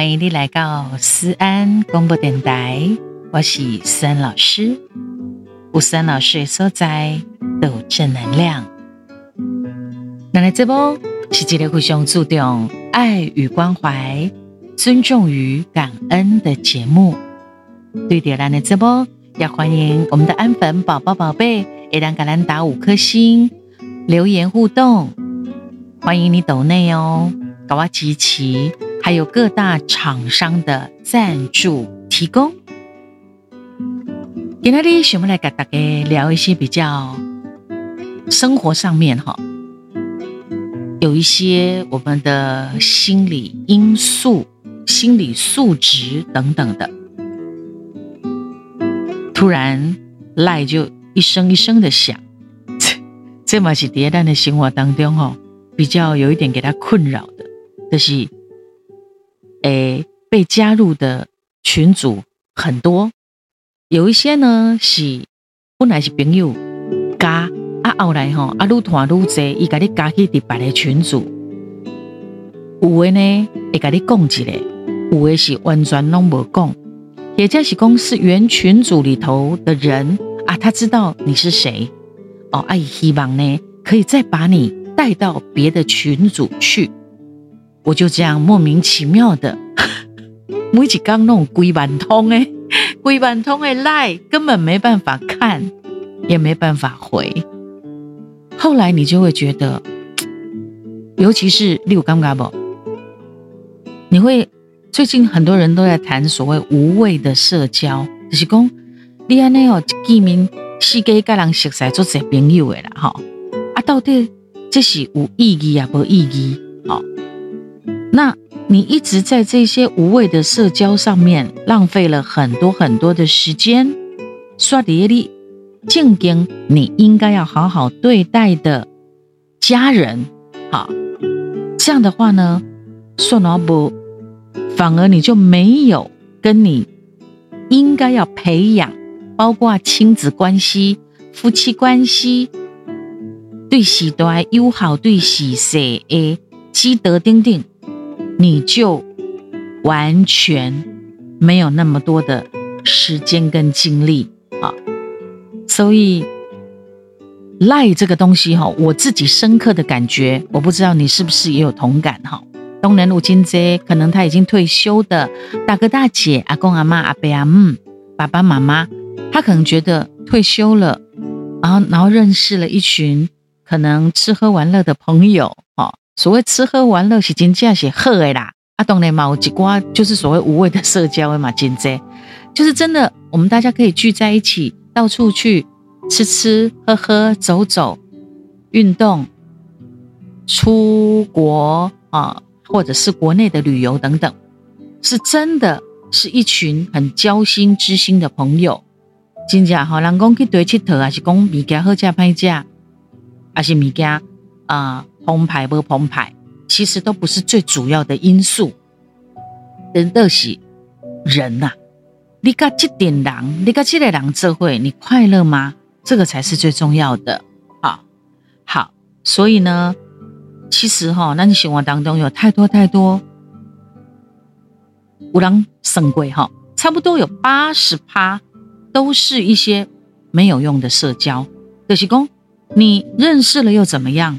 歡迎你來到思安廣播電台，我是思安老師。有思安老師的所在都有正能量。那來這波是杰烈虎兄愛與關懷、尊重與感恩的節目。對這波，要歡迎我們的安粉寶寶寶，寶貝，一旦格蘭達五顆星留言互動，歡迎你抖內哦，格瓦吉奇。還有各大廠商的贊助提供，今天我們來跟大家聊一些比較生活上面哈，有一些我們的心理因素、心理素質等等的。突然 LINE 就一聲一聲的響，在某些迭代的生活當中比較有一點給他困擾的，就是。誒，被加入的群組很多，有一些呢是本來是朋友加，啊後來吼啊越拖越濟，伊甲你加去別的群組。有的呢會甲你講一個，有的是完全攏無講，也就是講是原群組裡頭的人啊，他知道你是誰，哦，哎、啊、伊希望呢可以再把你帶到別的群組去。我就這樣莫名其妙的，每一天弄幾萬通欸，幾萬通欸 Line，根本沒辦法看，也沒辦法回。後來你就會覺得，尤其是你有感覺不？你會最近很多人都在談所謂無謂的社交，就是講你安內哦，幾名系給個人熟識做做朋友的啦，啊，到底這是有意義啊，沒意義？好。那你一直在這些無謂的社交上面浪費了很多很多的時間。刷碟力，靜而你應該要好好對待的家人，好，這樣的話呢，說哪不，反而你就沒有跟你應該要培養，包括親子關係、夫妻關係，對喜多愛，友好，對喜舍愛，積德定定。你就完全沒有那麼多的時間跟精力啊，所以賴這個東西哈，我自己深刻的感覺，我不知道你是不是也有同感哈。東南路金街可能他已經退休的大哥大姐，阿公阿嬤，阿伯阿姆，爸爸媽媽，他可能覺得退休了，然後然後認識了一群可能吃喝玩樂的朋友。所謂吃喝玩樂，是真正是好的啦，啊，當然嘛，有一寡就是所謂無謂的社交的嘛，真正就是真的，我們大家可以聚在一起，到處去吃吃喝喝、走走、運動、出國啊，或者是國內的旅遊等等，是真的是一群很交心知心的朋友。真正哈、哦，人工去對鐵佗，還是講物件好食歹食，還是物件啊。澎湃不澎湃，其實都不是最主要的因素。就是、人的喜，人吶，你搞這點狼，你搞這點狼社會，你快樂嗎？這個才是最重要的啊！好，好，所以呢，其實哈、哦，那你生活當中有太多太多五狼神貴哈，差不多有八十趴都是一些沒有用的社交。葛西公，你認識了又怎麼樣？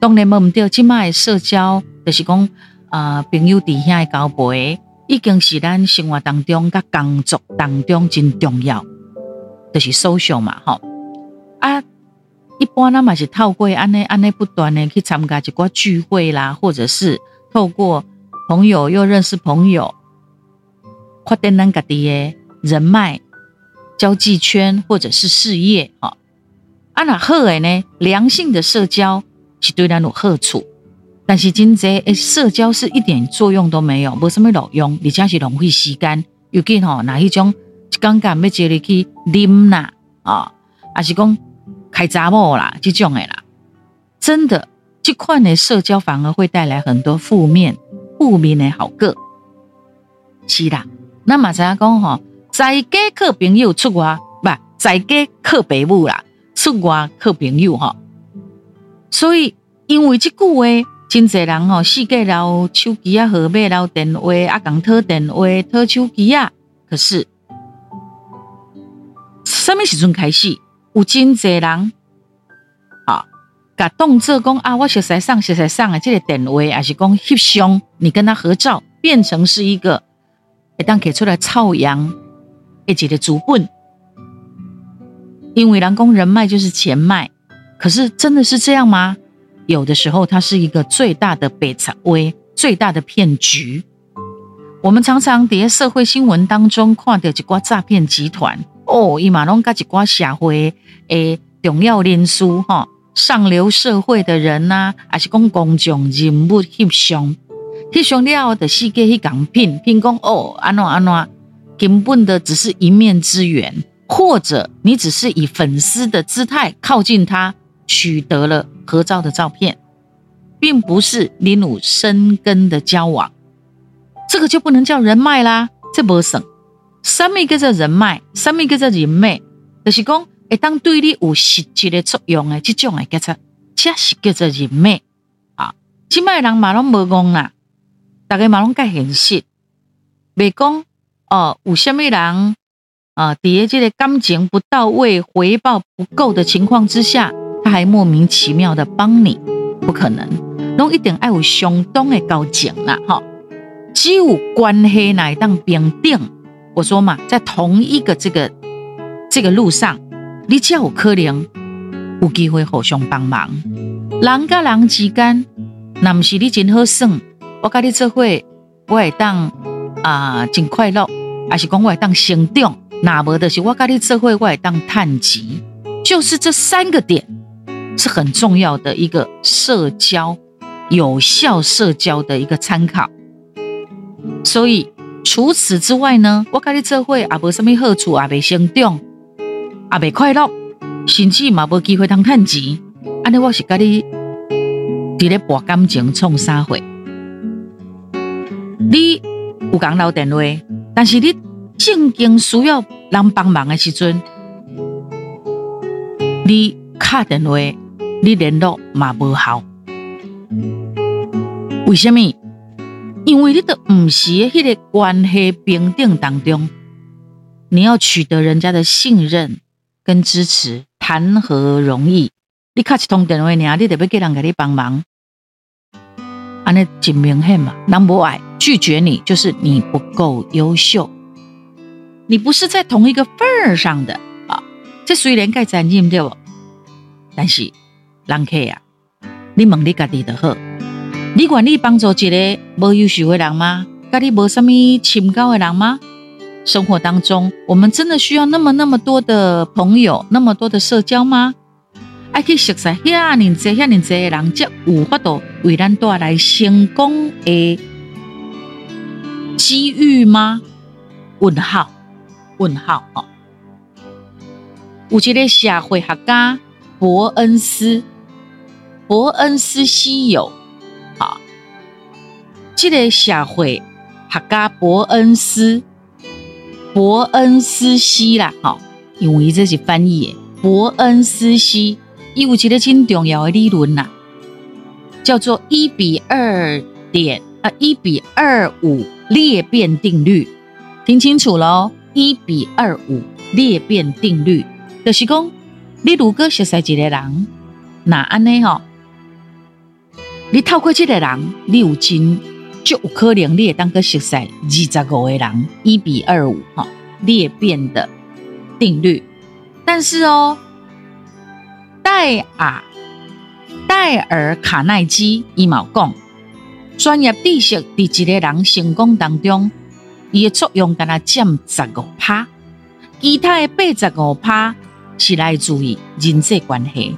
當然不對，問唔到即賣社交，就是講，呃，朋友佇遐的交陪，已經是咱生活當中甲工作當中真重要，就是 social 嘛，吼、哦、啊，一般咱嘛是透過安尼安尼不斷呢去參加一寡聚會啦，或者是透過朋友又認識朋友，擴大咱家己誒人脈、交際圈，或者是事業，吼、哦、啊，那好誒呢，良性的社交。是對咱有好處，但是真者誒社交是一點作用都沒有，無什麼路用，而且是浪費時間。尤其吼、哦，那一種剛剛要叫你去啉啦啊，還是講開查某啦，這種誒啦，真的，這款誒社交反而會帶來很多負面、負面誒後果，是啦。咱嘛知影講吼，在家靠朋友出外，不，在家靠父母啦，出外靠朋友吼、哦。所以，因為這句話，真儕人吼、哦，四界撈手機啊，號碼撈電話啊，講偷電話、偷手機啊。可是，啥物時陣開始，有真儕人啊，甲、哦、動作講啊，我熟悉上、熟悉上的即個電話還是講翕相，你跟他合照，變成是一個會當摕出來臭煬，一個資本，因為人講人脈就是錢脈。可是真的是這樣嗎？有的時候，它是一個最大的白賊威，最大的騙局。我們常常在，在社會新聞當中看到一掛詐騙集團哦，伊嘛攏加一掛社會誒重要人士哈，上流社會的人吶、啊，還是講公眾人物翕相翕相了，的世界去講騙騙講哦，安怎安怎根本的只是一面之緣，或者你只是以粉絲的姿態靠近他。取得了合照的照片，並不是李努生根的交往，這個就不能叫人脈啦，這不算。什麼叫做人脈？什麼叫做人脈？就是講，當對你有實際的作用的這種的叫做，確實叫做人脈啊。今麥人馬攏無怣啦，大家馬攏介現實，未講哦，有蝦米人啊，底、呃、下這個感情不到位、回報不夠的情況之下。還莫名其妙的幫你，不可能。儂一定要有相當的交情啦！吼，只有關係會當平等。我說嘛，在同一個這個這個路上，你才有可能有機會互相幫忙。人跟人之間，那毋是你真好耍？我跟你做伙，我會當啊真快樂，還是講我會當成長？那無就是我跟你做伙，我會當嘆氣。就是這三個點。是很重要的一個社交，有效社交的一個參考。所以除此之外呢，我跟你做伙也無甚物好處，也袂成長，也袂快樂，甚至也無機會通趁錢。安尼我是跟你佇咧博感情創啥貨？你有共留電話，但是你正經需要人幫忙的時陣，你卡電話。你聯絡嘛無效，為什麼？因為你在唔是迄個關係平等當中，你要取得人家的信任跟支持，談何容易？你卡起通電話，你得要叫人給你幫忙，安尼真明顯嘛。人無愛拒絕你，就是你不夠優秀，你不是在同一個份兒上的啊。這雖然蓋沾，對不對？但是。人客啊，你問你家己就好。你願意幫助一個無優秀的人嗎？跟你無什麼深交的人嗎？生活當中，我們真的需要那麼那麼多的朋友，那麼多的社交嗎？要去熟識遐爾濟、遐爾濟的人，才有法度為咱帶來成功的機遇嗎？問號，問號哦。有一個社會學家伯恩斯。伯恩斯西有啊，這個社會學家伯恩斯伯恩斯西啦，哈，因為這是翻譯的伯恩斯西，伊有一個很重要的理論、啊、叫做一比二點、呃、一比二五裂變定律，聽清楚嘍，一比二五裂變定律，就是講你如，如果熟悉一個人，那安尼。你透過這個人，你有真就有可能你，能你會當去認識二十五個人，一比二五哈，裂變的定律。但是哦，戴爾戴爾卡耐基伊嘛講專業知識，佇一個人成功當中，伊嘅作用敢若占十五趴，其他嘅八十五趴是來自於人際關係。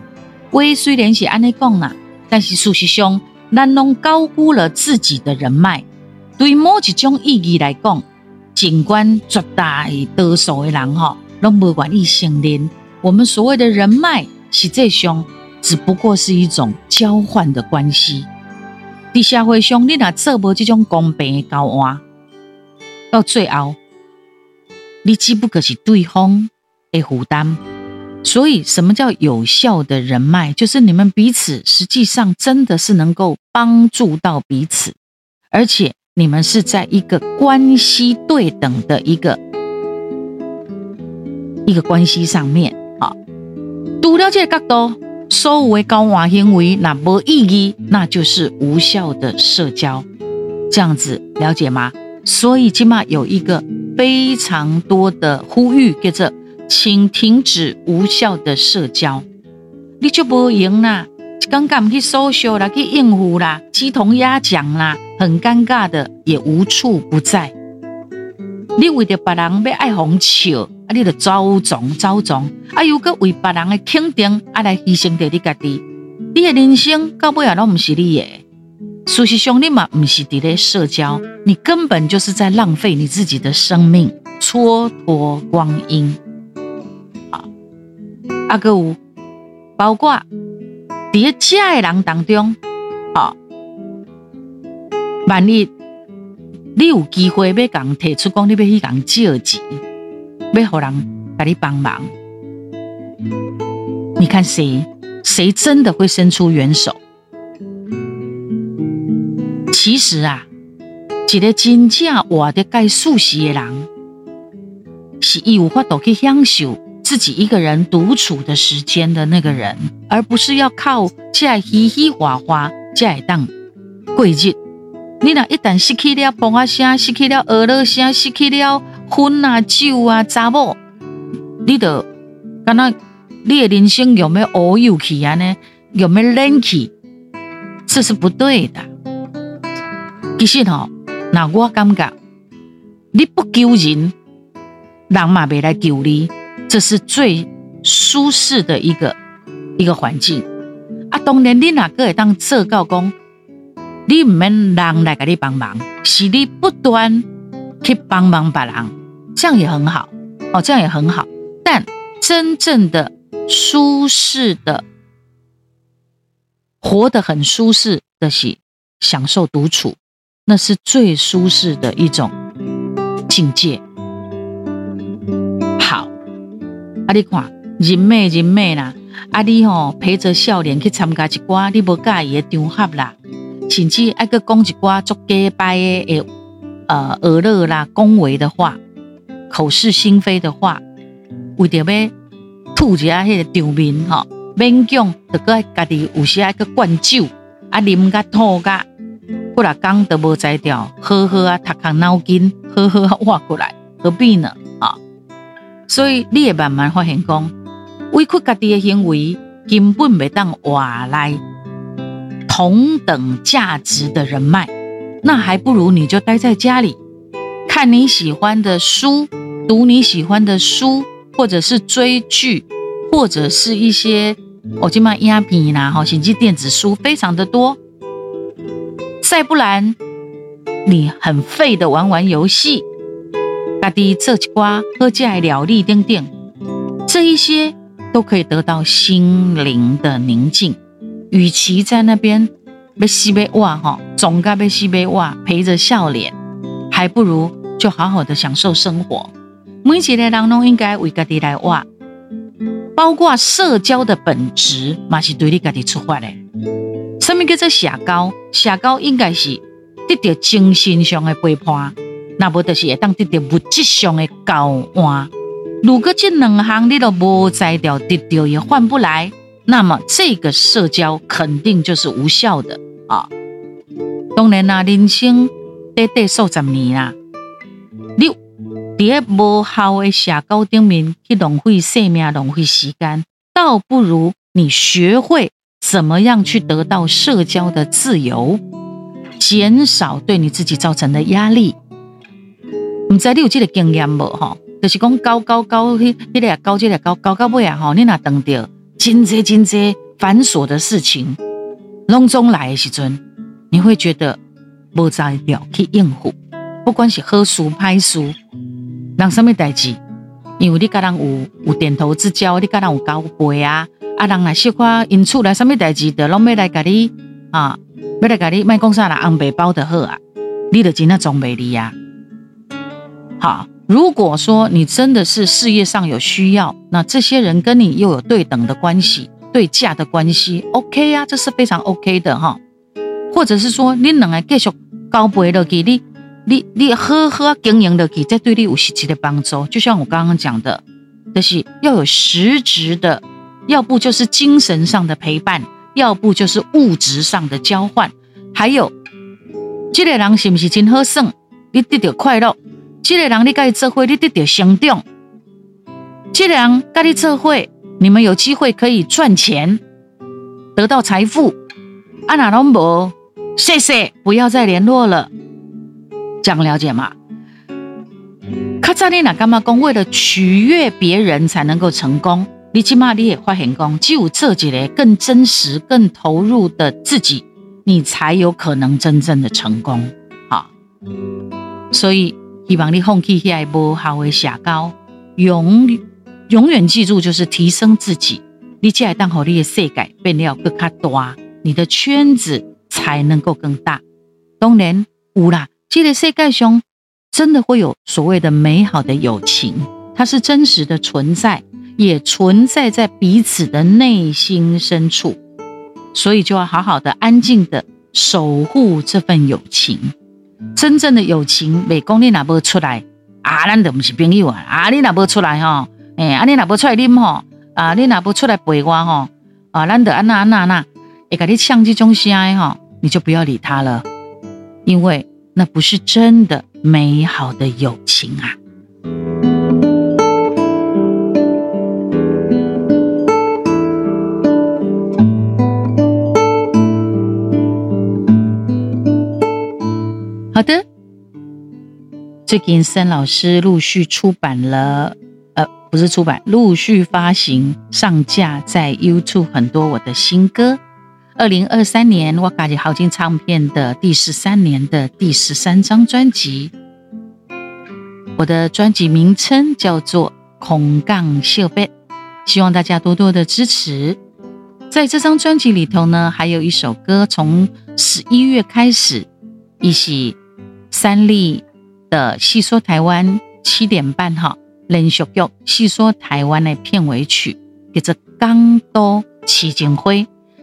話雖然是安尼講啦。但是事實上，咱攏高估了自己的人脈。對某一種意義來講，儘管絕大多數的人吼，攏不願意承認，我們所謂的人脈實際上只不過是一種交換的關係。在社會上，你若做無這種公平的交換，到最後，你只不過是對方的負擔。所以，什麼叫有效的人脈？就是你們彼此實際上真的是能夠幫助到彼此，而且你們是在一個關係對等的一個一個關係上面。好，讀了解角度，收為高華因為那無意義，那就是無效的社交。這樣子了解嗎？所以起碼有一個非常多的呼籲，接這請停止無效的社交，你就無用啦。剛剛去收收啦，去應付啦，雞同鴨講啦，很尷尬的，也無處不在。你為了別人要愛紅俏，啊，你着遭總遭總，啊，又閣為別人的肯定啊來犧牲掉你家己，你嘅人生到尾也攏唔是你嘅。事實上，你嘛唔是佇咧社交，你根本就是在浪費你自己的生命，蹉跎光陰。啊，擱有包括佇咧遮誒人當中，哦，萬一你有機會要共人提出講，你要去共人借錢，要互人甲你幫忙，你看誰誰真的會伸出援手？其實啊，一個真正活得該舒適誒人，是伊有法度去享受自己一個人獨處的時間的那個人，而不是要靠這嘻嘻嘩嘩，這樣過日子，你若一旦失去了婆啊，先失去了兒樂先，失去了薰啊、酒啊、查某，你的，那你的人生有沒有傲有氣啊？呢有沒有人氣？這是不對的。其實哦，那我感覺你不救人，人嘛未來救你。這是最舒適的一個一個環境啊！當然你哪個也當職高工，你們人來給你幫忙，是你不斷去幫忙別人，這樣也很好哦，這樣也很好。但真正的舒適的、活得很舒適的是享受獨處，那是最舒適的一種境界。啊！你看，人美人美啦！啊你、哦，你吼陪着笑臉去參加一寡你無喜歡的場合啦，甚至愛擱講一寡做假掰的、誒呃惡樂啦、恭維的話、口是心非的話，為着要吐些迄個場面吼，勉強着擱家己有時愛擱灌酒，啊，飲甲吐甲，幾啊講都無才調，呵呵啊，頭殼腦筋呵呵啊，活過來何必呢？所以，你會慢慢發現說，講委屈家己的行為根本袂當換來同等價值的人脈，那還不如你就待在家裡，看你喜歡的書，讀你喜歡的書，或者是追劇，或者是一些我今麥一壓屏吶，吼、哦，手機、啊、電子書非常的多，再不然你很廢的玩玩遊戲。家己做一寡，喝起的料理等等，這一些都可以得到心靈的寧靜。與其在那邊要西北挖，總該要西北挖，陪着笑臉，還不如就好好的享受生活。每一個人都應該為家己來活，包括社交的本質嘛，也是對你家己出發的。什麼叫做社交？社交應該是得到精神上的陪伴。那不就是會當得到物質上的交換。如果這兩行你都無材料得到，也換不來，那麼這個社交肯定就是無效的啊！當然啦、啊，人生短短數十年啊。你佇個無效的社交頂面去浪費生命、浪費時間，倒不如你學會怎麼樣去得到社交的自由，減少對你自己造成的壓力。唔知道你有這個經驗無吼？就是講交交交，迄、那個啊交這個交交到尾啊吼，你若碰到真儕真儕繁瑣的事情，攏總來的時陣，你會覺得無在了去應付。不管是好事歹事，人什麼代志？因為你甲人有有點頭之交，你甲人有交陪啊，啊人也小可因厝內什麼代志的，攏要來甲你啊，要來甲你賣講啥啦？紅包著好啊，你著真啊裝備你啊。好，如果說你真的是事業上有需要，那這些人跟你又有對等的關係，對價的關係，OK 呀、啊，這是非常 OK 的哈。或者是說，你兩個繼續交配了，給你，你你好好經營了，給這對你有實際的幫助。就像我剛剛講的，這是要有實質的，要不就是精神上的陪伴，要不就是物質上的交換。還有，這個人是不是真好算？你得到快樂。這個人，你跟他做伙，你得着成長。這個人跟你做伙，你們有機會可以賺錢，得到財富。啊，那攏無？謝謝，不要再聯絡了。這樣了解嗎？卡扎你那幹嘛講？為了取悅別人，才能夠成功。你起碼你也發心功，只有自己的更真實、更投入的自己，你才有可能真正的成功啊。所以。希望你放棄一些無效的社交，永永遠記住，就是提升自己。你才能讓你的世界變得要更加大，你的圈子才能夠更大。當然有啦，這個世界上真的會有所謂的美好的友情，它是真實的存在，也存在在彼此的內心深處。所以就要好好的、安靜的守護這份友情。真正的友情，袂講你哪不出來啊，咱都不是朋友啊，啊，啊你哪不出來吼，啊你哪不出來啉吼，啊你哪不出來陪我吼，啊難得安娜安娜那，哎個啲相機中西哀吼，你就不要理他了，因為那不是真的美好的友情啊。好的，最近思安老師陸續出版了，呃，不是出版，陸續發行上架在 YouTube 很多我的新歌。二零二三年，我加入豪記唱片的第十三年的第十三張專輯，我的專輯名稱叫做《空港惜別》，希望大家多多的支持。在這張專輯裡頭呢，還有一首歌，從十一月開始一起，三立的戲說台灣七點半哈，連續劇戲說台灣的片尾曲叫做《港都痴情花》。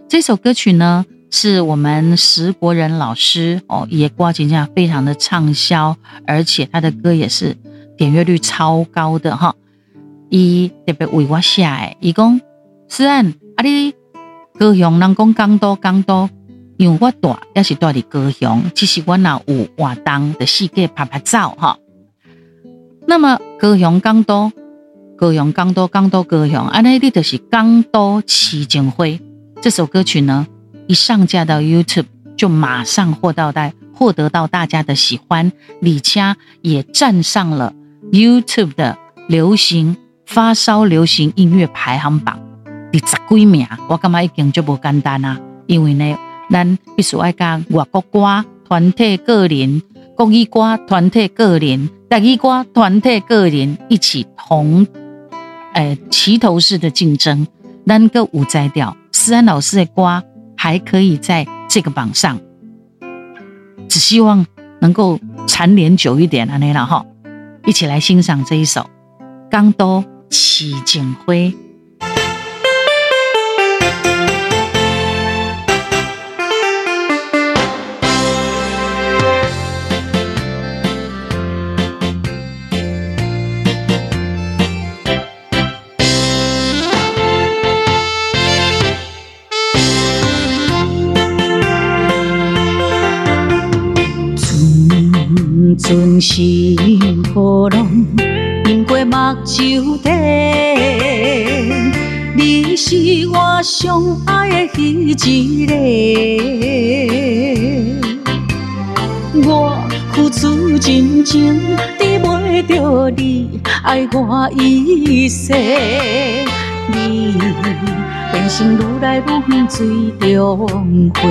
這首歌曲呢，是我們石國人老師哦，也掛起下非常的暢銷，而且他的歌也是點閱率超高的哈。一、哦、特別為我寫哎，一公是思安阿裡高雄人工港都港都。因為我帶也是帶的高雄，其實我那有活動的世界拍拍照哈。那麼高雄港都，高雄港都，港都高雄，安尼、啊、你就是港都癡情花這首歌曲呢，一上架到 YouTube 就馬上獲到大獲得到大家的喜歡，李佳也站上了 YouTube 的流行發燒流行音樂排行榜第十幾名。我感覺已經就不簡單了，因為呢。咱必須愛加外國歌、團體、個人；國語歌、團體、個人；台語歌、團體、個人一起同，誒、呃、齊頭式的競爭。咱個舞摘掉，思安老師的歌還可以在這個榜上。只希望能夠蟬聯久一點，安妮啦吼。一起來欣賞這一首《港都癡情花》。寸心何妨，因過目睭底，你是我最愛的彼一個。我付出真情，得袂到你愛過一世。你變心愈來愈水中花。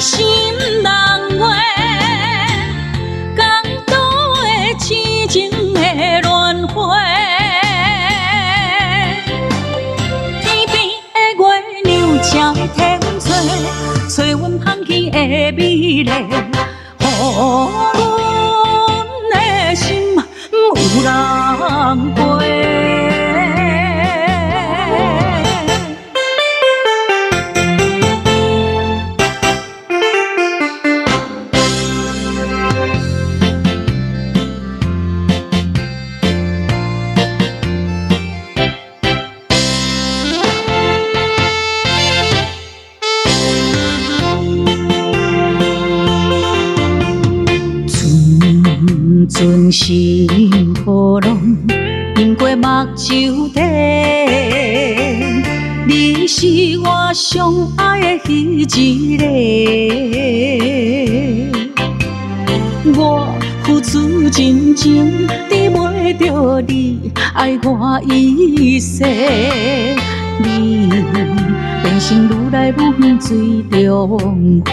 心難話，港都的癡情的輪回。天邊的月亮正天脆，吹阮香氣的美麗。目睭底，你是我最愛的彼一個。我付出真情，得袂到你愛我一世。你變心如來不盡水蓮花。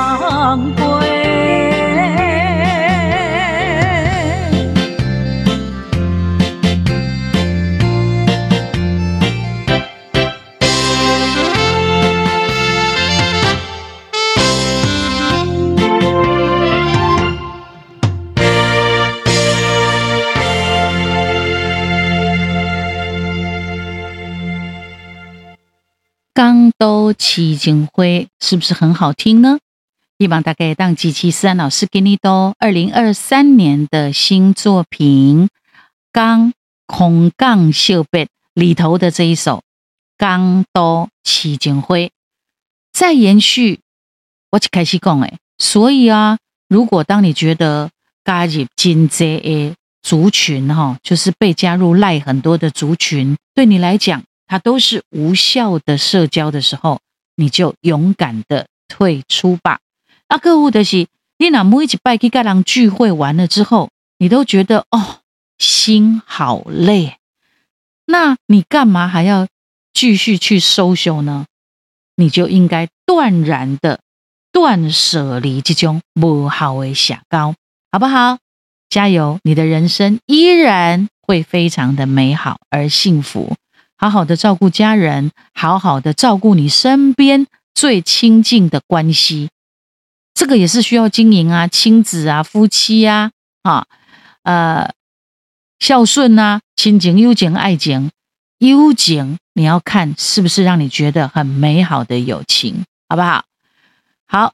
癡情花是不是很好聽呢？一旁大概當幾期，思安老師給你到二零二三年的新作品《空港惜別》裡頭的這一首《港都癡情花》，再延續，我就開始講哎。所以啊，如果當你覺得加入進這 A 族群哈，就是被加入賴很多的族群，對你來講。它都是無效的社交的時候，你就勇敢的退出吧。那客戶的是你，那麼一起拜去，蓋浪聚會完了之後，你都覺得哦，心好累。那你幹嘛還要繼續去 social 呢？你就應該斷然的斷捨離這種無效的社交好不好？加油，你的人生依然會非常的美好而幸福。好好的照顧家人，好好的照顧你身邊最親近的關係，這個也是需要經營啊，親子啊，夫妻呀、啊，啊，呃，孝順啊，親情、友情、愛情，悠情你要看是不是讓你覺得很美好的友情，好不好？好，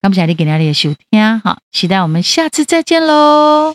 那麼你，下你給大家列修好，期待我們下次再見嘍。